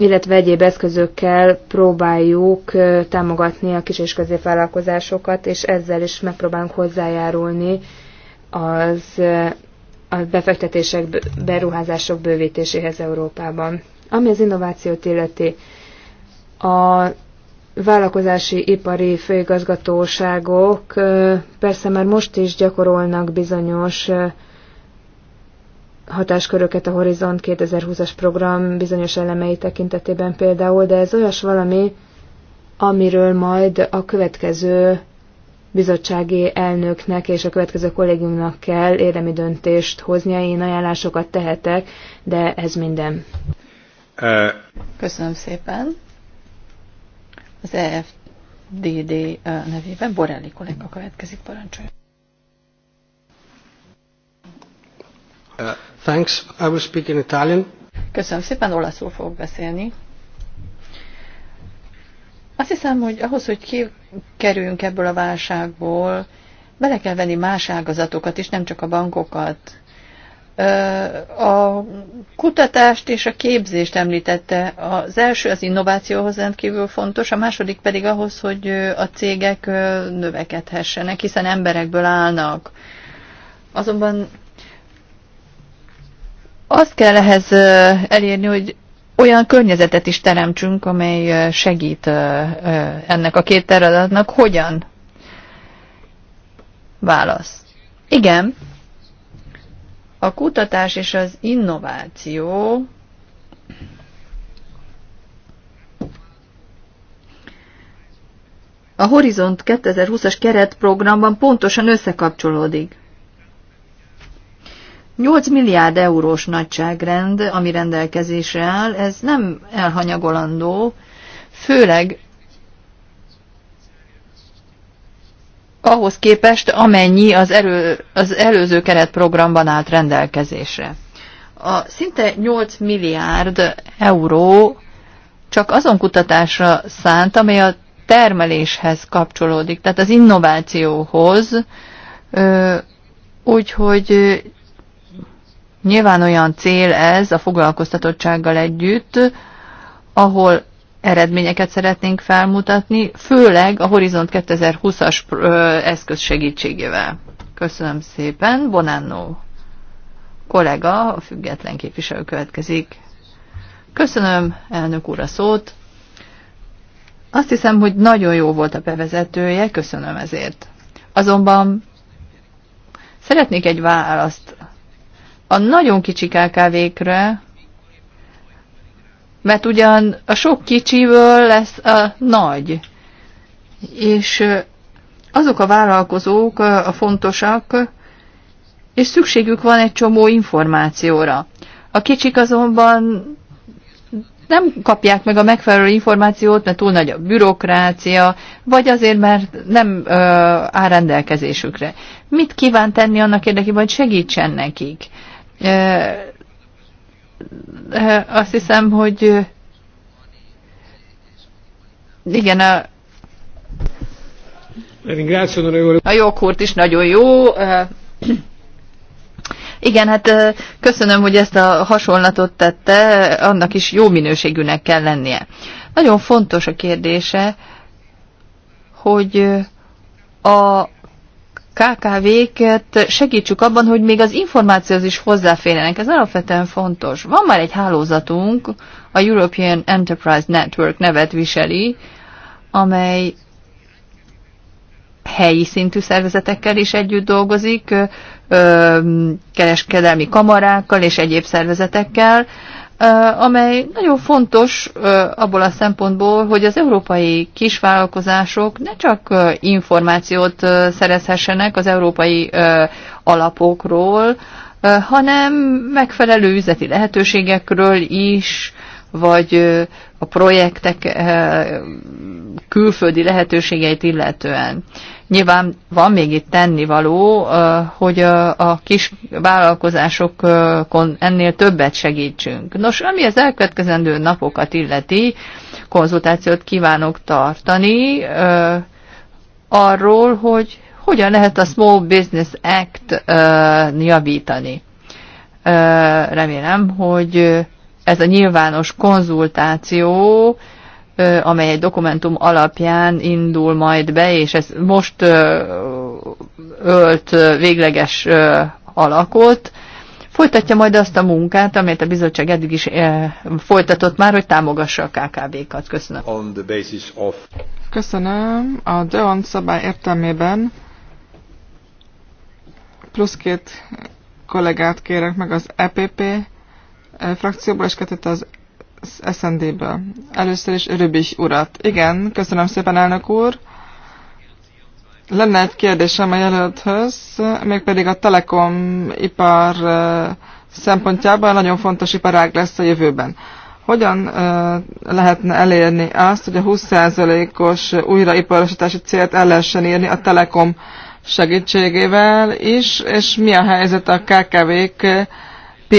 illetve egyéb eszközökkel próbáljuk támogatni a kis és középvállalkozásokat, és ezzel is megpróbálunk hozzájárulni az a befektetések, beruházások bővítéséhez Európában. Ami az innovációt illeti, a vállalkozási ipari főigazgatóságok persze már most is gyakorolnak bizonyos hatásköröket a Horizont 2020-as program bizonyos elemei tekintetében például, de ez olyas valami, amiről majd a következő bizottsági elnöknek és a következő kollégiumnak kell érdemi döntést hoznia. Én ajánlásokat tehetek, de ez minden. Köszönöm szépen. Az EFDD nevében Borelli kollega következik parancsolja. Uh, thanks. I will speak in Italian. Köszönöm szépen, olaszul fogok beszélni. Azt hiszem, hogy ahhoz, hogy kikerüljünk ebből a válságból, bele kell venni más ágazatokat is, nem csak a bankokat. Uh, a kutatást és a képzést említette. Az első az innovációhoz rendkívül fontos, a második pedig ahhoz, hogy a cégek uh, növekedhessenek, hiszen emberekből állnak. Azonban azt kell ehhez elérni, hogy olyan környezetet is teremtsünk, amely segít ennek a két területnek. Hogyan? Válasz. Igen, a kutatás és az innováció a Horizont 2020-as keretprogramban pontosan összekapcsolódik. 8 milliárd eurós nagyságrend, ami rendelkezésre áll, ez nem elhanyagolandó, főleg ahhoz képest, amennyi az, erő, az előző keretprogramban állt rendelkezésre. A szinte 8 milliárd euró csak azon kutatásra szánt, amely a termeléshez kapcsolódik, tehát az innovációhoz, úgyhogy Nyilván olyan cél ez a foglalkoztatottsággal együtt, ahol eredményeket szeretnénk felmutatni, főleg a Horizont 2020-as eszköz segítségével. Köszönöm szépen. Bonanno kollega, a független képviselő következik. Köszönöm, elnök úr, a szót. Azt hiszem, hogy nagyon jó volt a bevezetője, köszönöm ezért. Azonban szeretnék egy választ a nagyon kicsi KKV-kre, mert ugyan a sok kicsiből lesz a nagy. És azok a vállalkozók a fontosak, és szükségük van egy csomó információra. A kicsik azonban nem kapják meg a megfelelő információt, mert túl nagy a bürokrácia, vagy azért, mert nem ö, áll rendelkezésükre. Mit kíván tenni annak érdekében, hogy segítsen nekik? Azt hiszem, hogy igen, a, a joghurt is nagyon jó. Igen, hát köszönöm, hogy ezt a hasonlatot tette, annak is jó minőségűnek kell lennie. Nagyon fontos a kérdése, hogy a KKV-ket segítsük abban, hogy még az információhoz is hozzáférjenek. Ez alapvetően fontos. Van már egy hálózatunk, a European Enterprise Network nevet viseli, amely helyi szintű szervezetekkel is együtt dolgozik, kereskedelmi kamarákkal és egyéb szervezetekkel amely nagyon fontos abból a szempontból, hogy az európai kisvállalkozások ne csak információt szerezhessenek az európai alapokról, hanem megfelelő üzleti lehetőségekről is, vagy a projektek külföldi lehetőségeit illetően. Nyilván van még itt tennivaló, hogy a kis vállalkozásokon ennél többet segítsünk. Nos, ami az elkövetkezendő napokat illeti, konzultációt kívánok tartani arról, hogy hogyan lehet a Small Business Act javítani. Remélem, hogy ez a nyilvános konzultáció, amely egy dokumentum alapján indul majd be, és ez most ölt végleges alakot, folytatja majd azt a munkát, amelyet a bizottság eddig is folytatott már, hogy támogassa a KKV-kat. Köszönöm. On the basis of... Köszönöm. A DEON szabály értelmében plusz két kollégát kérek meg az EPP frakcióból, és kettőt az SND-ből. Először is Rübis urat. Igen, köszönöm szépen, elnök úr. Lenne egy kérdésem a jelölthöz, mégpedig a telekom ipar szempontjában nagyon fontos iparág lesz a jövőben. Hogyan lehetne elérni azt, hogy a 20%-os újraiparosítási célt el lehessen írni a telekom segítségével is, és mi a helyzet a KKV-k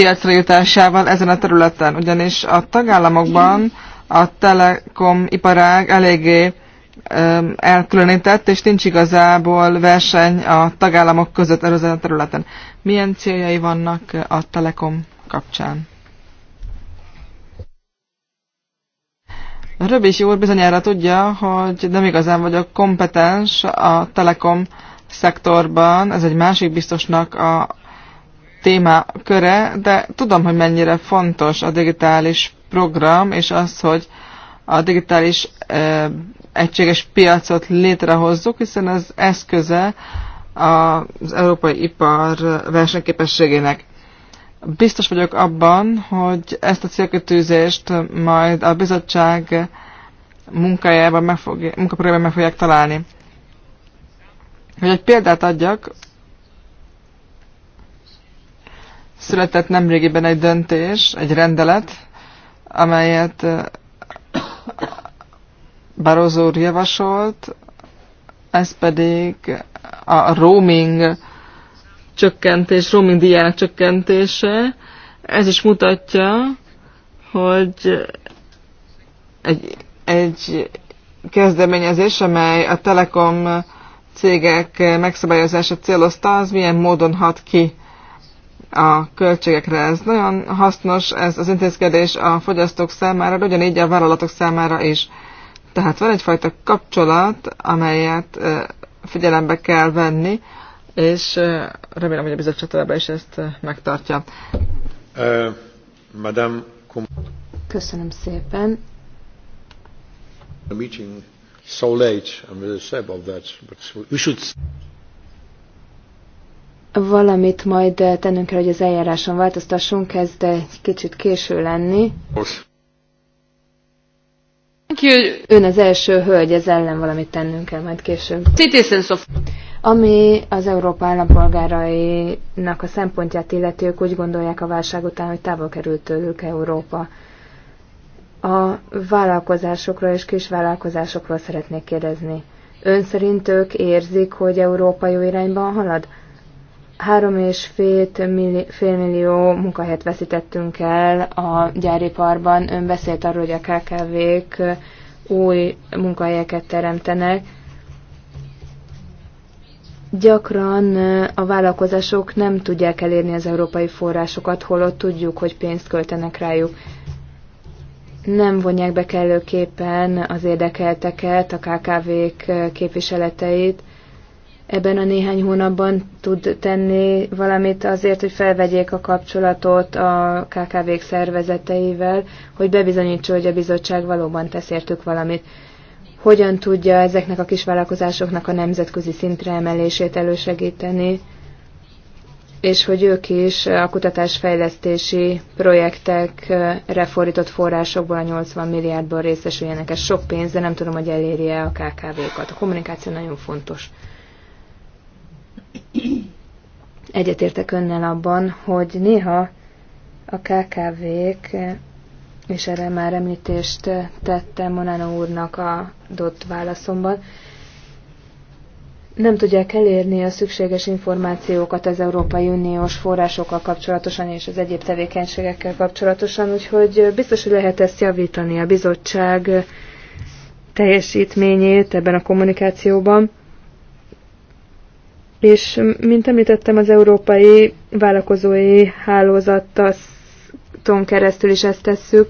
piacra jutásával ezen a területen, ugyanis a tagállamokban a telekom iparág eléggé elkülönített, és nincs igazából verseny a tagállamok között ezen a területen. Milyen céljai vannak a telekom kapcsán? Röbis úr bizonyára tudja, hogy nem igazán vagyok kompetens a telekom szektorban, ez egy másik biztosnak a köre, de tudom, hogy mennyire fontos a digitális program, és az, hogy a digitális e, egységes piacot létrehozzuk, hiszen az eszköze az európai ipar versenyképességének. Biztos vagyok abban, hogy ezt a célkötőzést majd a bizottság munkájában meg, fog, munkaprogramban meg fogják találni. Hogy egy példát adjak, Született nemrégiben egy döntés, egy rendelet, amelyet Barozó úr javasolt, ez pedig a roaming csökkentés, roaming díjának csökkentése. Ez is mutatja, hogy egy, egy kezdeményezés, amely a telekom cégek megszabályozását célozta, az milyen módon hat ki a költségekre. Ez nagyon hasznos, ez az intézkedés a fogyasztók számára, de ugyanígy a vállalatok számára is. Tehát van egyfajta kapcsolat, amelyet figyelembe kell venni, és remélem, hogy a bizottság továbbá is ezt megtartja. Köszönöm szépen. A meeting so late, I'm really sad about that, but we should valamit majd eh, tennünk kell, hogy az eljáráson változtassunk, kezd egy kicsit késő lenni. Most. Ön az első hölgy, ez ellen valamit tennünk kell majd később. Citizens of... Ami az Európa állampolgárainak a szempontját illeti, ők úgy gondolják a válság után, hogy távol került tőlük Európa. A vállalkozásokról és kisvállalkozásokról szeretnék kérdezni. Ön szerint ők érzik, hogy Európa jó irányban halad? Három és fél millió munkahelyet veszítettünk el a gyáriparban. Ön beszélt arról, hogy a KKV-k új munkahelyeket teremtenek. Gyakran a vállalkozások nem tudják elérni az európai forrásokat, holott tudjuk, hogy pénzt költenek rájuk. Nem vonják be kellőképpen az érdekelteket, a KKV-k képviseleteit, ebben a néhány hónapban tud tenni valamit azért, hogy felvegyék a kapcsolatot a KKV-k szervezeteivel, hogy bebizonyítsa, hogy a bizottság valóban tesz értük valamit. Hogyan tudja ezeknek a kisvállalkozásoknak a nemzetközi szintre emelését elősegíteni, és hogy ők is a kutatásfejlesztési projektekre fordított forrásokból a 80 milliárdból részesüljenek. Ez sok pénz, de nem tudom, hogy eléri-e a KKV-kat. A kommunikáció nagyon fontos. Egyetértek önnel abban, hogy néha a KKV-k, és erre már említést tettem Monano úrnak a dott válaszomban, nem tudják elérni a szükséges információkat az Európai Uniós forrásokkal kapcsolatosan és az egyéb tevékenységekkel kapcsolatosan, úgyhogy biztos, hogy lehet ezt javítani a bizottság teljesítményét ebben a kommunikációban. És mint említettem, az európai vállalkozói hálózaton keresztül is ezt tesszük,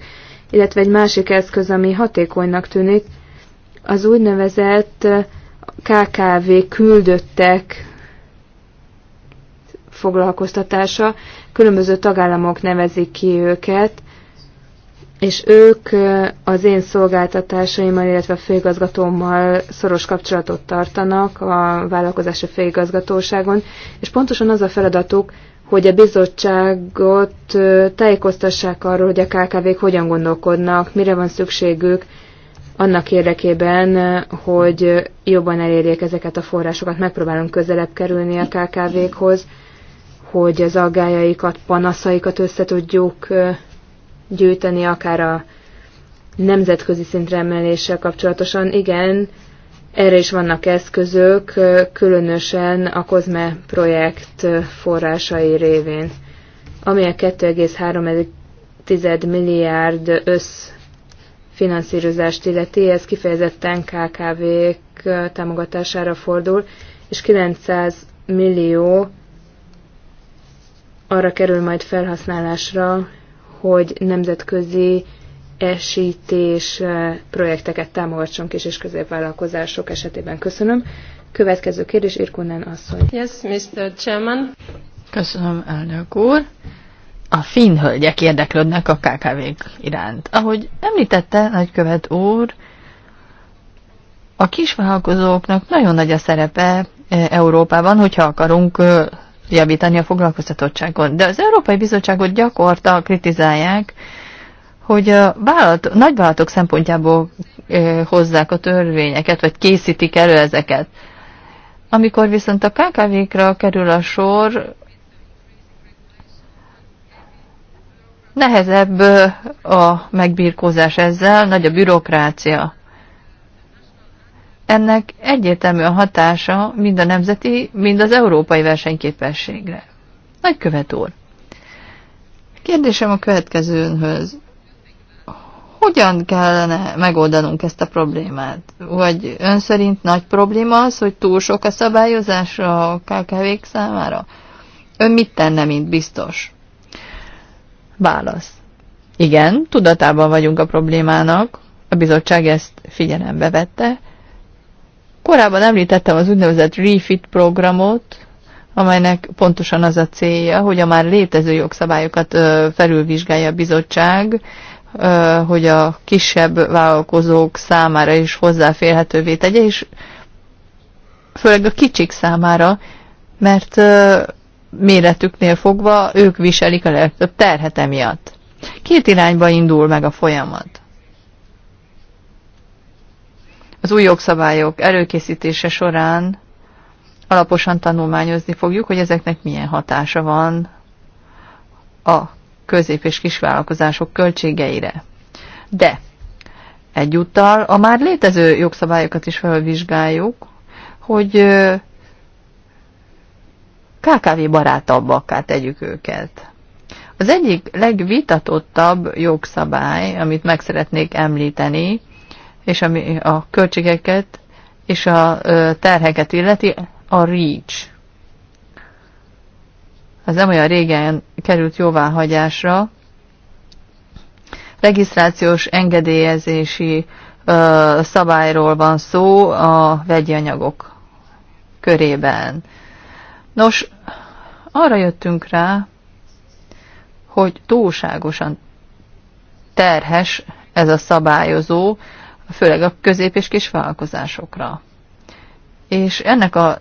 illetve egy másik eszköz, ami hatékonynak tűnik, az úgynevezett KKV küldöttek foglalkoztatása. Különböző tagállamok nevezik ki őket, és ők az én szolgáltatásaimmal, illetve a főigazgatómmal szoros kapcsolatot tartanak a vállalkozási főigazgatóságon, és pontosan az a feladatuk, hogy a bizottságot tájékoztassák arról, hogy a KKV-k hogyan gondolkodnak, mire van szükségük, annak érdekében, hogy jobban elérjék ezeket a forrásokat, megpróbálunk közelebb kerülni a KKV-khoz, hogy az aggájaikat, panaszaikat össze tudjuk gyűjteni, akár a nemzetközi szintre emeléssel kapcsolatosan. Igen, erre is vannak eszközök, különösen a COSME projekt forrásai révén, ami a 2,3 milliárd összfinanszírozást illeti, ez kifejezetten KKV-k támogatására fordul, és 900 millió arra kerül majd felhasználásra, hogy nemzetközi esítés eh, projekteket támogasson kis és középvállalkozások esetében. Köszönöm. Következő kérdés, Irkunen asszony. Yes, Mr. Chairman. Köszönöm, elnök úr. A finn hölgyek érdeklődnek a kkv iránt. Ahogy említette nagykövet úr, a kisvállalkozóknak nagyon nagy a szerepe eh, Európában, hogyha akarunk eh, javítani a foglalkoztatottságon. De az Európai Bizottságot gyakorta kritizálják, hogy a vállalat, nagyvállalatok szempontjából hozzák a törvényeket, vagy készítik elő ezeket. Amikor viszont a KKV-kra kerül a sor, nehezebb a megbírkózás ezzel, nagy a bürokrácia ennek egyértelmű a hatása mind a nemzeti, mind az európai versenyképességre. Nagykövet úr, kérdésem a következőnhöz. Hogyan kellene megoldanunk ezt a problémát? Vagy ön szerint nagy probléma az, hogy túl sok a szabályozás a kkv számára? Ön mit tenne, mint biztos? Válasz. Igen, tudatában vagyunk a problémának, a bizottság ezt figyelembe vette, Korábban említettem az úgynevezett refit programot, amelynek pontosan az a célja, hogy a már létező jogszabályokat felülvizsgálja a bizottság, hogy a kisebb vállalkozók számára is hozzáférhetővé tegye, és főleg a kicsik számára, mert méretüknél fogva ők viselik a legtöbb terhet emiatt. Két irányba indul meg a folyamat az új jogszabályok előkészítése során alaposan tanulmányozni fogjuk, hogy ezeknek milyen hatása van a közép- és kisvállalkozások költségeire. De egyúttal a már létező jogszabályokat is felvizsgáljuk, hogy KKV barátabbakká tegyük őket. Az egyik legvitatottabb jogszabály, amit meg szeretnék említeni, és ami a költségeket és a terheket illeti, a REACH. Ez nem olyan régen került jóváhagyásra. Regisztrációs engedélyezési ö, szabályról van szó a vegyi anyagok körében. Nos, arra jöttünk rá, hogy túlságosan terhes ez a szabályozó, főleg a közép- és vállalkozásokra, És ennek a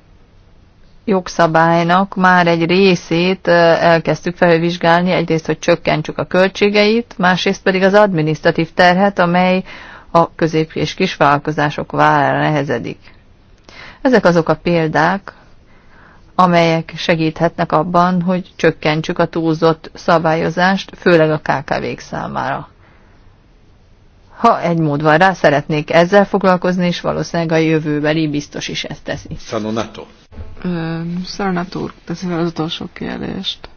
jogszabálynak már egy részét elkezdtük felvizsgálni, egyrészt, hogy csökkentsük a költségeit, másrészt pedig az adminisztratív terhet, amely a közép- és vállalkozások vállára nehezedik. Ezek azok a példák, amelyek segíthetnek abban, hogy csökkentsük a túlzott szabályozást, főleg a KKV-k számára. Ha egy mód van rá, szeretnék ezzel foglalkozni, és valószínűleg a jövőbeli biztos is ezt teszi. Szanonato. Szanonato úr teszi fel az utolsó kérdést.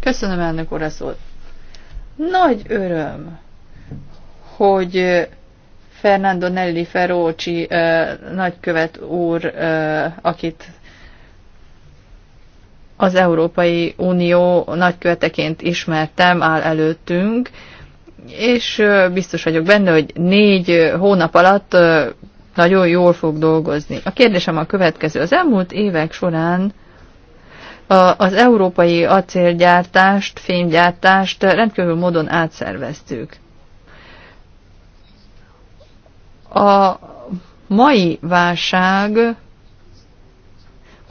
Köszönöm elnök úr a szót. Nagy öröm, hogy Fernando Nelli Ferrocsi nagykövet úr, akit az Európai Unió nagyköveteként ismertem, áll előttünk, és biztos vagyok benne, hogy négy hónap alatt nagyon jól fog dolgozni. A kérdésem a következő. Az elmúlt évek során az európai acélgyártást, fémgyártást rendkívül módon átszerveztük. A mai válság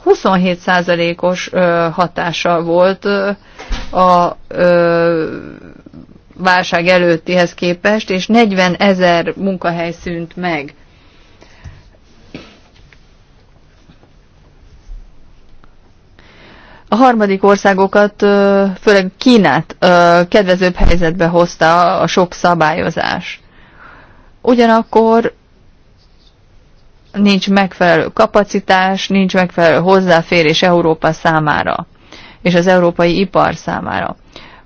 27%-os hatása volt a válság előttihez képest, és 40 ezer munkahely szűnt meg. A harmadik országokat, főleg Kínát kedvezőbb helyzetbe hozta a sok szabályozás. Ugyanakkor nincs megfelelő kapacitás, nincs megfelelő hozzáférés Európa számára, és az európai ipar számára.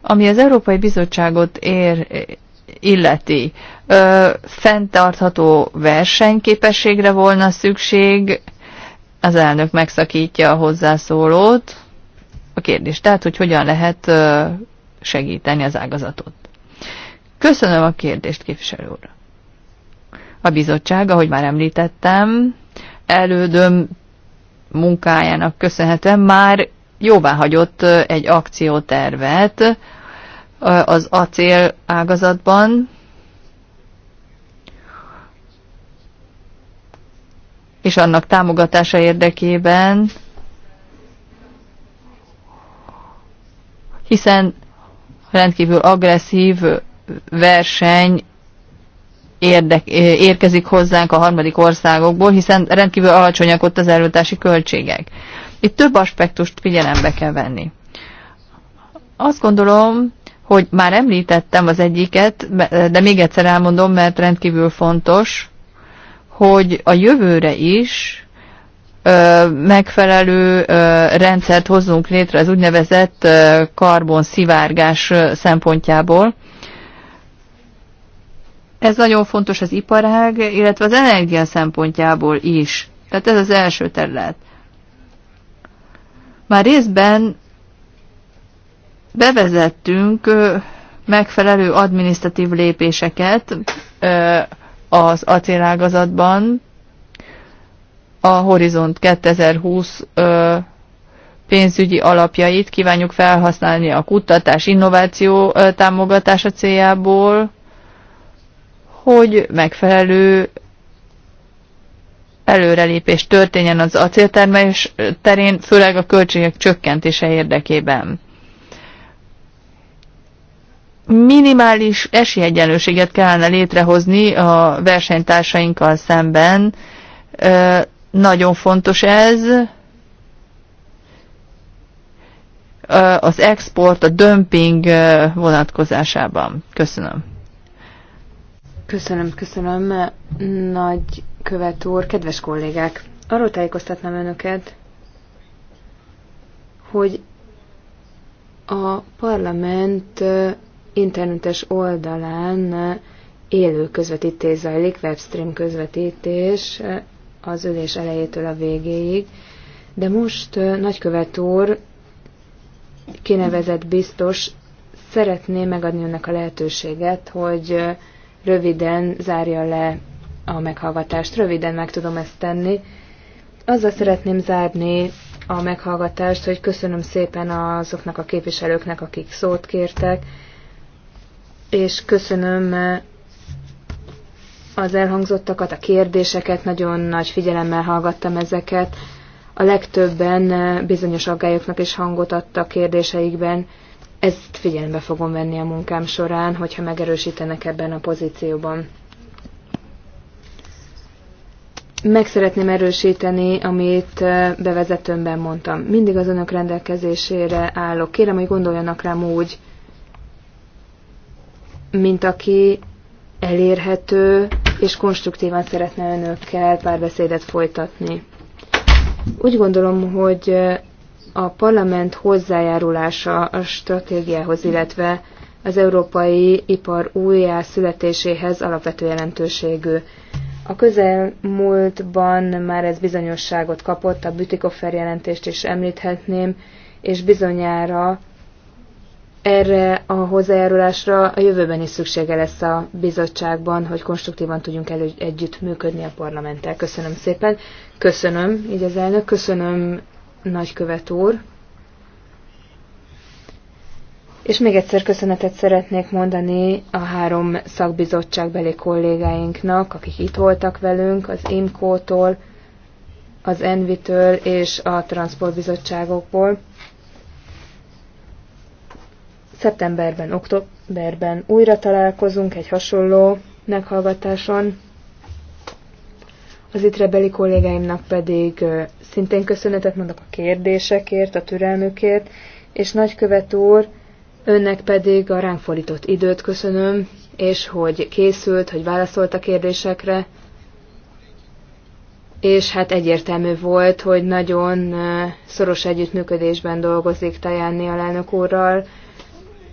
Ami az Európai Bizottságot ér, illeti, ö, fenntartható versenyképességre volna szükség, az elnök megszakítja a hozzászólót. A kérdés tehát, hogy hogyan lehet segíteni az ágazatot. Köszönöm a kérdést, képviselő úr. A bizottság, ahogy már említettem, elődöm munkájának köszönhetően már jóvá hagyott egy akciótervet az acél ágazatban, és annak támogatása érdekében, hiszen rendkívül agresszív verseny érdek, eh, érkezik hozzánk a harmadik országokból, hiszen rendkívül alacsonyak ott az előtási költségek. Itt több aspektust figyelembe kell venni. Azt gondolom, hogy már említettem az egyiket, de még egyszer elmondom, mert rendkívül fontos, hogy a jövőre is ö, megfelelő ö, rendszert hozzunk létre az úgynevezett karbonszivárgás szempontjából, ez nagyon fontos az iparág, illetve az energia szempontjából is. Tehát ez az első terület. Már részben bevezettünk megfelelő adminisztratív lépéseket az acélágazatban, a Horizont 2020 pénzügyi alapjait kívánjuk felhasználni a kutatás, innováció támogatása céljából, hogy megfelelő előrelépés történjen az acéltermelés terén, főleg a költségek csökkentése érdekében. Minimális esélyegyenlőséget kellene létrehozni a versenytársainkkal szemben. Nagyon fontos ez. Az export, a dömping vonatkozásában. Köszönöm. Köszönöm, köszönöm, nagy követ úr, kedves kollégák! Arról tájékoztatnám önöket, hogy a parlament internetes oldalán élő közvetítés zajlik, webstream közvetítés az ülés elejétől a végéig, de most nagykövet úr kinevezett biztos szeretné megadni önnek a lehetőséget, hogy röviden zárja le a meghallgatást. Röviden meg tudom ezt tenni. Azzal szeretném zárni a meghallgatást, hogy köszönöm szépen azoknak a képviselőknek, akik szót kértek, és köszönöm az elhangzottakat, a kérdéseket, nagyon nagy figyelemmel hallgattam ezeket. A legtöbben bizonyos aggályoknak is hangot adtak kérdéseikben, ezt figyelembe fogom venni a munkám során, hogyha megerősítenek ebben a pozícióban. Meg szeretném erősíteni, amit bevezetőmben mondtam. Mindig az önök rendelkezésére állok. Kérem, hogy gondoljanak rám úgy, mint aki elérhető és konstruktívan szeretne önökkel párbeszédet folytatni. Úgy gondolom, hogy a parlament hozzájárulása a stratégiához, illetve az európai ipar újjá születéséhez alapvető jelentőségű. A közelmúltban már ez bizonyosságot kapott, a Bütikoffer jelentést is említhetném, és bizonyára erre a hozzájárulásra a jövőben is szüksége lesz a bizottságban, hogy konstruktívan tudjunk elő együtt működni a parlamenttel. Köszönöm szépen. Köszönöm, így az elnök. Köszönöm nagykövet úr. És még egyszer köszönetet szeretnék mondani a három szakbizottságbeli kollégáinknak, akik itt voltak velünk, az IMCO-tól, az ENVI-től és a transportbizottságokból. Szeptemberben, októberben újra találkozunk egy hasonló meghallgatáson. Az rebeli kollégáimnak pedig szintén köszönetet mondok a kérdésekért, a türelmükért, és nagykövet úr, önnek pedig a ránk fordított időt köszönöm, és hogy készült, hogy válaszolt a kérdésekre, és hát egyértelmű volt, hogy nagyon szoros együttműködésben dolgozik Tajánni alelnök úrral,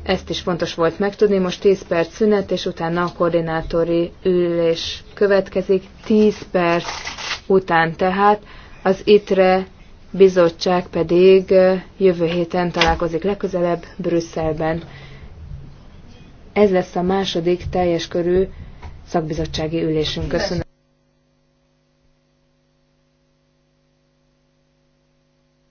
ezt is fontos volt megtudni. Most 10 perc szünet, és utána a koordinátori ülés következik. 10 perc után tehát az ITRE bizottság pedig jövő héten találkozik legközelebb Brüsszelben. Ez lesz a második teljes körű szakbizottsági ülésünk. Köszönöm.